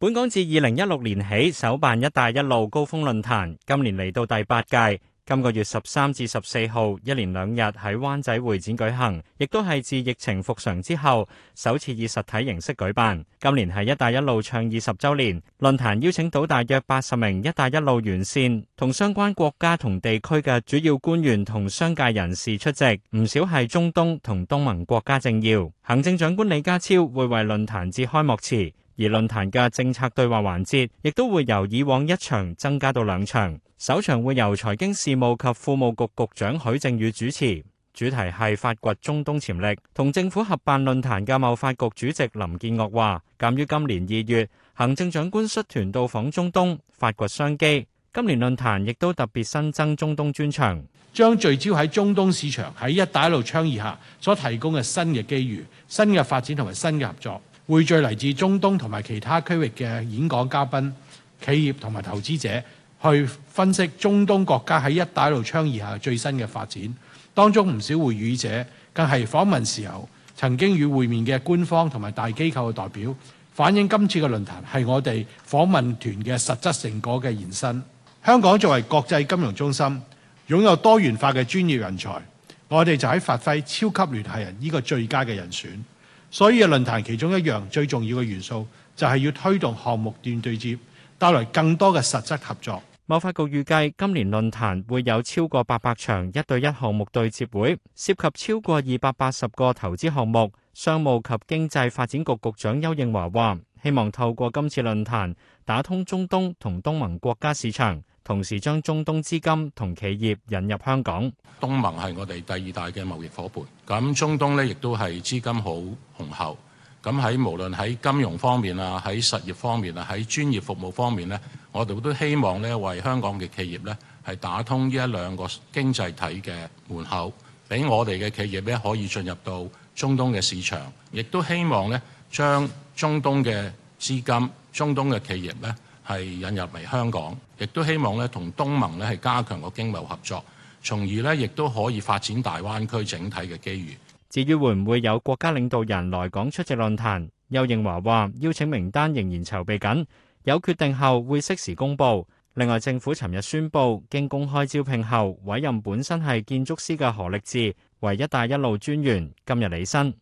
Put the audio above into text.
本港自二零一六年起首辦一帶一路高峰論壇，今年嚟到第八屆，今個月十三至十四號一連兩日喺灣仔會展舉行，亦都係自疫情復常之後首次以實體形式舉辦。今年係一帶一路倡議十周年，論壇邀請到大約八十名一帶一路沿線同相關國家同地區嘅主要官員同商界人士出席，唔少係中東同東盟國家政要。行政長官李家超會為論壇致開幕詞。而論壇嘅政策對話環節亦都會由以往一場增加到兩場，首場會由財經事務及庫務局局，局長許正宇主持，主題係發掘中東潛力。同政府合辦論壇嘅貿發局主席林建岳話，鑒於今年二月行政長官率團到訪中東，發掘商機，今年論壇亦都特別新增中東專場，將聚焦喺中東市場喺一帶一路倡議下所提供嘅新嘅機遇、新嘅發展同埋新嘅合作。匯聚嚟自中東同埋其他區域嘅演講嘉賓、企業同埋投資者，去分析中東國家喺一帶一路倡議下最新嘅發展。當中唔少會議者更係訪問時候曾經與會面嘅官方同埋大機構嘅代表，反映今次嘅論壇係我哋訪問團嘅實質成果嘅延伸。香港作為國際金融中心，擁有多元化嘅專業人才，我哋就喺發揮超級聯繫人呢個最佳嘅人選。所以，論壇其中一樣最重要嘅元素，就係要推動項目段對接，帶來更多嘅實質合作。貿發局預計今年論壇會有超過八百場一對一項目對接會，涉及超過二百八十個投資項目。商務及經濟發展局局長丘應樺話：希望透過今次論壇，打通中東同東盟國家市場。同時將中東資金同企業引入香港。東盟係我哋第二大嘅貿易伙伴，咁中東咧亦都係資金好雄厚。咁喺無論喺金融方面啊，喺實業方面啊，喺專業服務方面咧，我哋都希望咧為香港嘅企業咧係打通呢一兩個經濟體嘅門口，俾我哋嘅企業咧可以進入到中東嘅市場，亦都希望咧將中東嘅資金、中東嘅企業咧。係引入嚟香港，亦都希望咧同東盟呢係加強個經貿合作，從而呢亦都可以發展大灣區整體嘅機遇。至於會唔會有國家領導人來港出席論壇？丘應樺話：邀請名單仍然籌備緊，有決定後會適時公佈。另外，政府尋日宣布，經公開招聘後委任本身係建築師嘅何力治為「一帶一路」專員，今日履新。